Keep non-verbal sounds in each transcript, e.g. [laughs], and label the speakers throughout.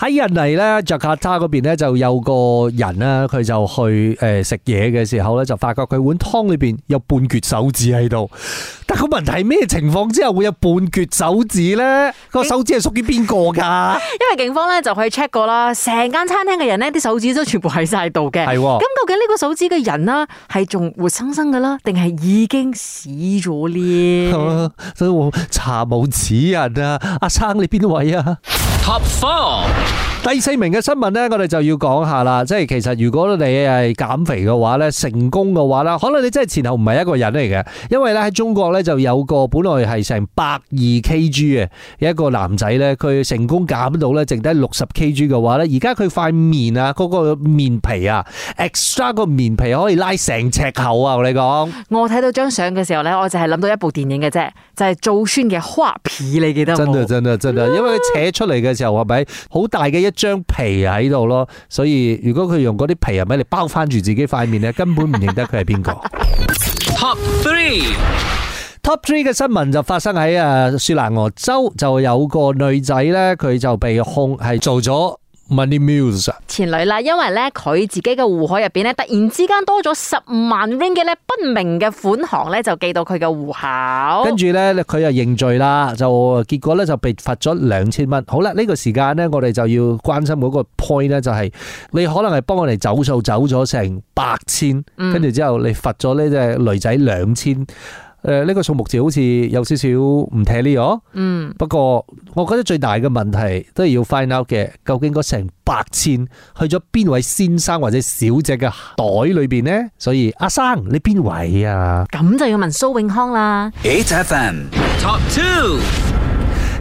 Speaker 1: 喺印尼咧，雅加達嗰邊咧就有個人咧，佢就去誒食嘢嘅時候咧，就發覺佢碗湯裏邊有半截手指喺度。但個問題係咩情況之下會有半截手指咧？個手指係屬於邊個噶？
Speaker 2: 因為警方咧就去 check 過啦，成間餐廳嘅人咧啲手指都全部喺晒度嘅。係，咁究竟呢個手指嘅人啦，係仲活生生噶啦，定係已經死
Speaker 1: 咗呢？所以我查無此人啊！阿生你邊位啊
Speaker 2: ？Top Four。
Speaker 1: 第四名嘅新聞呢，我哋就要講下啦。即係其實如果你係減肥嘅話呢成功嘅話呢可能你真係前後唔係一個人嚟嘅。因為呢喺中國呢就有個本來係成百二 K G 嘅一個男仔呢佢成功減到呢剩低六十 K G 嘅話呢而家佢塊面啊，嗰個面皮啊，extra 個面皮可以拉成尺厚啊！我你講，我睇到張相嘅時候呢，我就係諗到一部電影嘅啫，就
Speaker 2: 係周迅嘅《畫皮》，
Speaker 1: 你記得有冇？真嘅，真嘅，真嘅，因為佢扯出嚟嘅時候，話唔係好大。大嘅一張皮喺度咯，所以如果佢用嗰啲皮啊俾你包翻住自己塊面咧，根本唔認得佢係邊個。 [laughs] Top three，Top three 嘅新聞就發生喺誒雪蘭莪州，就有個女仔咧，佢就被控係做咗。Money Muse
Speaker 2: 前女啦，因為咧佢自己嘅戶口入邊咧，突然之間多咗十萬 ring 嘅咧，不明嘅款項咧就寄到佢嘅戶口，跟
Speaker 1: 住咧佢又認罪啦，就結果咧就被罰咗兩千蚊。好啦，呢、這個時間咧，我哋就要關心嗰個 point 咧、就是，就係你可能係幫我哋走數走咗成八千，嗯、跟住之後你罰咗呢隻女仔兩千。誒，呢個數目字好似有少少唔貼呢個。嗯，不過我覺得最大嘅問題都係要 find out 嘅，究竟嗰成百千去咗邊位先生或者小姐嘅袋裏邊呢？所以阿生，你邊位啊？
Speaker 2: 咁就要問蘇永康啦。
Speaker 1: Eight FM Top Two，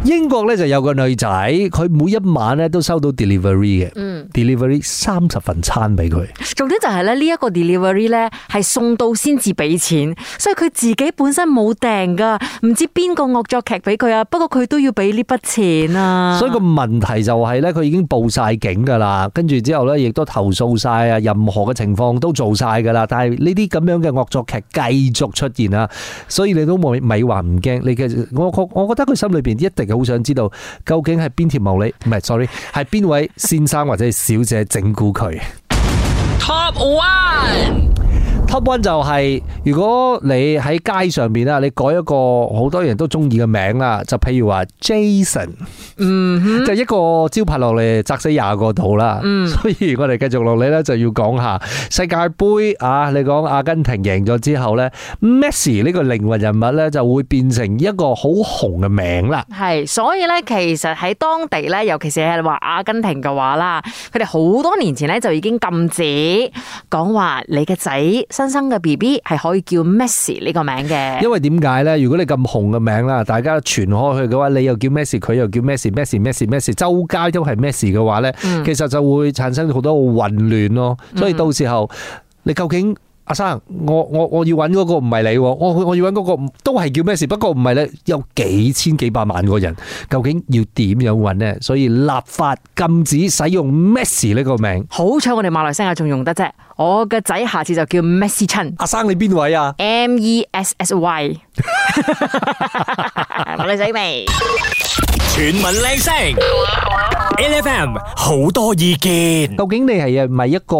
Speaker 1: 英國呢就有個女仔，佢每一晚呢都收到 delivery 嘅。嗯 delivery 三十份餐俾佢，
Speaker 2: 重點就係咧呢一個 delivery 咧係送到先至俾錢，所以佢自己本身冇訂噶，唔知邊個惡作劇俾佢啊？不過佢都要俾呢筆錢啊！所以個
Speaker 1: 問題就係咧，佢已經報晒警噶啦，跟住之後咧亦都投訴晒啊，任何嘅情況都做晒噶啦。但係呢啲咁樣嘅惡作劇繼續出現啊，所以你都冇咪話唔驚。你嘅我我我覺得佢心裏邊一定好想知道究竟係邊條毛利，唔係 sorry，係邊位先生或者？小姐整蠱佢。Top one 就係、是、如果你喺街上面啦，你改一個好多人都中意嘅名啦，就譬如話 Jason，嗯、mm-hmm.，就一個招牌落嚟，砸死廿個度啦。嗯、mm-hmm.，所以我哋繼續落嚟咧，就要講下世界杯啊！你講阿根廷贏咗之後咧，Messi 呢個靈魂人物咧，就會變成一個好紅嘅名啦。
Speaker 2: 係，所以咧，其實喺當地咧，尤其是係話阿根廷嘅話啦，佢哋好多年前咧就已經禁止講話你嘅仔。新生嘅 BB 係可以叫 Messi 呢個名嘅，因
Speaker 1: 為點解呢？如果你咁紅嘅名啦，大家傳開去嘅話，你又叫 Messi，佢又叫 Messi，Messi，Messi，Messi 周街都係 Messi 嘅話呢，嗯、其實就會產生好多混亂咯。所以到時候你究竟？阿生，我我我要揾嗰個唔係你，我我要揾嗰、嗰個都係叫 Messi，不過唔係咧，有幾千幾百萬個人，究竟要點樣揾咧？所以立法禁止使用 Messi 呢個名。好彩我哋馬來西亞仲用得啫，
Speaker 2: 我嘅仔下次就叫 Messi 親。阿生你邊位啊？M E S S Y，我哋 [laughs] 醒 [laughs] 未？ [laughs] [laughs] 全民靚聲。
Speaker 1: L.F.M. 好多意見，究竟你係啊唔係一個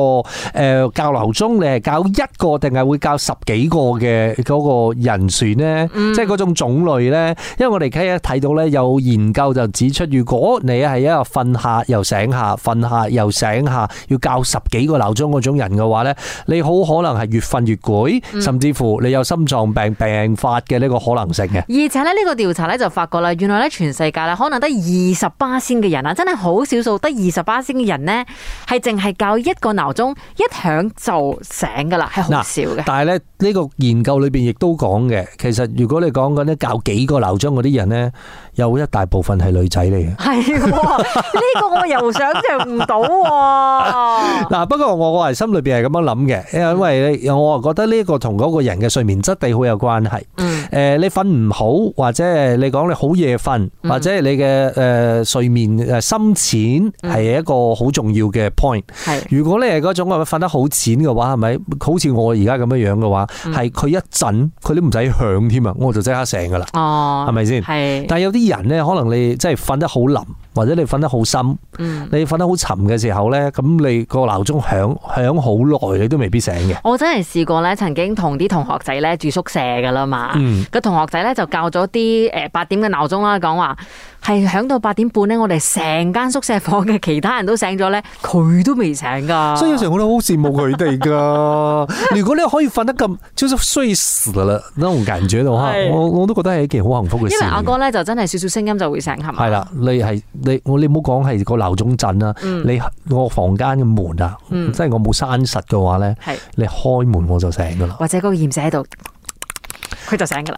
Speaker 1: 誒教鬧鐘？你係教一個定係會教十幾個嘅嗰個人選咧？即係嗰種種類咧？因為我哋今日睇到咧，有研究就指出，如果你係一個瞓下又醒下，瞓下又醒下，要教十幾個鬧鐘嗰種人嘅話咧，你好可能係越瞓越攰，甚至乎你有心臟病病發嘅呢個可能性嘅。而
Speaker 2: 且咧，呢個調查咧就發覺啦，原來咧，全世界咧可能得二十八先嘅人啊，真係好。好少數得二十巴仙嘅人咧，係淨係教一個鬧鐘一響就醒噶
Speaker 1: 啦，係好少嘅。但係咧呢個研究裏邊亦都講嘅，其實如果你講緊咧教幾個鬧鐘嗰啲人咧，有一大部分係女仔嚟
Speaker 2: 嘅。係，呢個我又想象唔到。
Speaker 1: 嗱，不過我我係心裏邊係咁樣諗嘅，因為咧我又覺得呢個同嗰個人嘅睡眠質地好有關係。誒，你瞓唔好或者係你講你好夜瞓，或者係你嘅誒睡眠誒心。淺係一個好重要嘅 point。係、嗯，如果你係嗰種瞓得好淺嘅話，係咪？好似我而家咁樣樣嘅話，係、嗯、佢一陣佢都唔使響添啊！我就即刻醒噶啦。哦，係咪先？係。但係有啲人咧，可能你真係瞓得好冧，或者你瞓得好深，嗯、你瞓得好沉嘅時候咧，咁你個鬧鐘響響好耐，你都未必醒嘅。我
Speaker 2: 真係試過咧，曾經同啲同學仔咧住宿舍噶啦嘛。嗯。個同學仔咧就較咗啲誒八點嘅鬧鐘啦，講話。係響到八點半咧，我哋成間宿舍房嘅其他人都醒咗咧，佢都未醒噶。所以有
Speaker 1: 時我都好羨慕佢哋噶。 [laughs] 如果你可以瞓得咁，就是衰死啦，那種感覺嘅話，我我都覺得係一件好幸福嘅事。因為阿哥
Speaker 2: 咧就真係少少聲音就會醒，係嘛？
Speaker 1: 係啦，你係你我你唔好講係個鬧鐘震啦，你，你，個、嗯、你我房間嘅門啊，即係我冇閂實嘅話咧、嗯，你開門我就醒噶啦。
Speaker 2: 或者嗰個鑰匙喺度，佢就醒噶啦。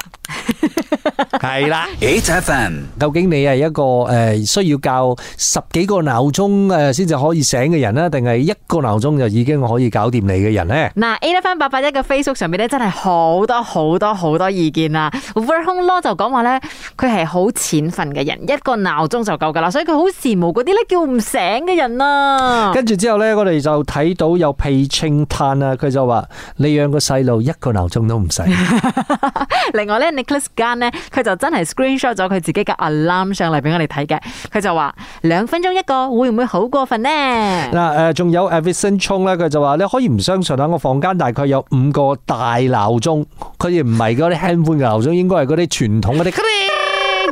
Speaker 1: 係啦，Eight Evan，究竟你係一個誒需要較十幾個鬧鐘誒先至可以醒嘅人咧，定係一個鬧鐘就已經可以搞掂你嘅人咧？嗱，Eight
Speaker 2: Evan 八八一嘅 Facebook 上面咧，真係好多好多好多意見啦。Work Home Law 就講話咧，佢係好淺瞓嘅人，一個鬧鐘就夠噶啦，所以佢好羨慕嗰啲咧叫唔醒嘅人啦。跟
Speaker 1: 住之後咧，我哋就睇到有 P Ching 嘆啦，佢就話你養個細路一個鬧鐘都唔使。
Speaker 2: 另外咧，Nicholas Gun 咧。佢就真係 screenshot 咗佢自己嘅 alarm 上嚟俾我哋睇嘅，佢就話，兩分鐘一個會唔會好過分呢？
Speaker 1: 嗱，誒，仲有 everything 沖咧，佢就話你可以唔相信啊，我房間大概有五個大鬧鐘，佢哋唔係嗰啲 handphone 嘅鬧鐘，應該係嗰啲傳統嘅啲。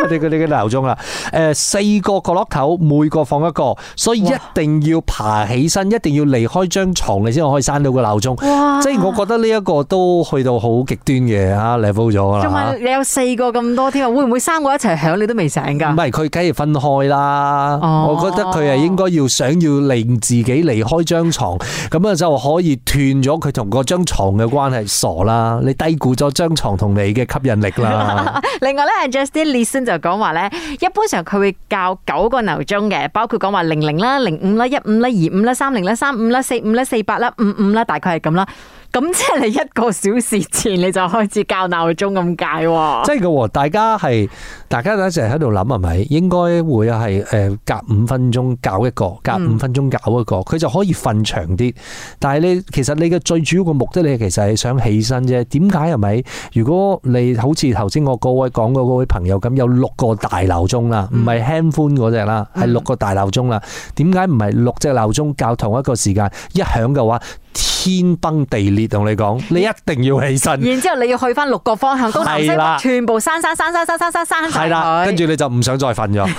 Speaker 1: 我哋嘅你嘅鬧鐘啦，誒、呃，四個角落頭每個放一個，所以一定要爬起身，一定要離開張床，你先可以閂到個鬧鐘。哇！即係我覺得呢一個都去到好極端嘅啊 level 咗啦。
Speaker 2: 你有四個咁多添會唔會三個一齊響你都未
Speaker 1: 醒噶？唔係，佢梗係分開啦。哦、我覺得佢係應該要想要令自己離開張床，咁啊就可以斷咗佢同張床嘅關係。傻啦，你低估咗張床同你嘅吸引力啦。
Speaker 2: [laughs] 另外咧 just listen 就講話呢，一般上佢會較九個鬧鐘嘅，包括講話零零啦、零五啦、一五啦、二五啦、三零啦、三五啦、四五啦、四八啦、五五啦，大概係咁啦。咁即係你一個小時前你就開始教鬧鐘咁解？即
Speaker 1: 係個大家係大家成日喺度諗係咪應該會係誒隔五分鐘教一個，隔五分鐘教一個，佢、嗯、就可以瞓長啲。但係你其實你嘅最主要個目的，你其實係想起身啫。點解係咪？如果你好似頭先我講各位講嗰嗰位朋友咁，有六個大鬧鐘啦，唔係 handphone 嗰隻啦，係、嗯、六個大鬧鐘啦。點解唔係六隻鬧鐘教同一個時間一響嘅話？天崩地裂，同你講，你一定要起身。然
Speaker 2: 之後你要去返六個方向，東南西北，全部閂晒閂晒晒
Speaker 1: 晒晒佢。係啦，跟住你就唔想再瞓咗。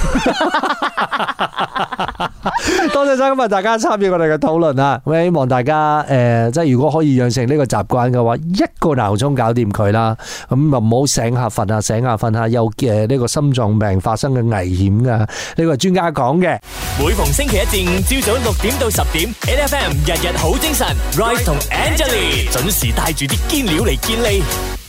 Speaker 1: 多謝晒今日大家參與我哋嘅討論啦。我希望大家誒，即係如果可以養成呢個習慣嘅話，一個鬧鐘搞掂佢啦。咁就唔好醒下瞓下，醒下瞓下，有嘅呢個心臟病發生嘅危險噶。呢個係專家講嘅。每逢星期一至五朝早六點到十點，AiFM 日日好精神。同 Angelie 準
Speaker 2: 時帶住啲堅料嚟見你。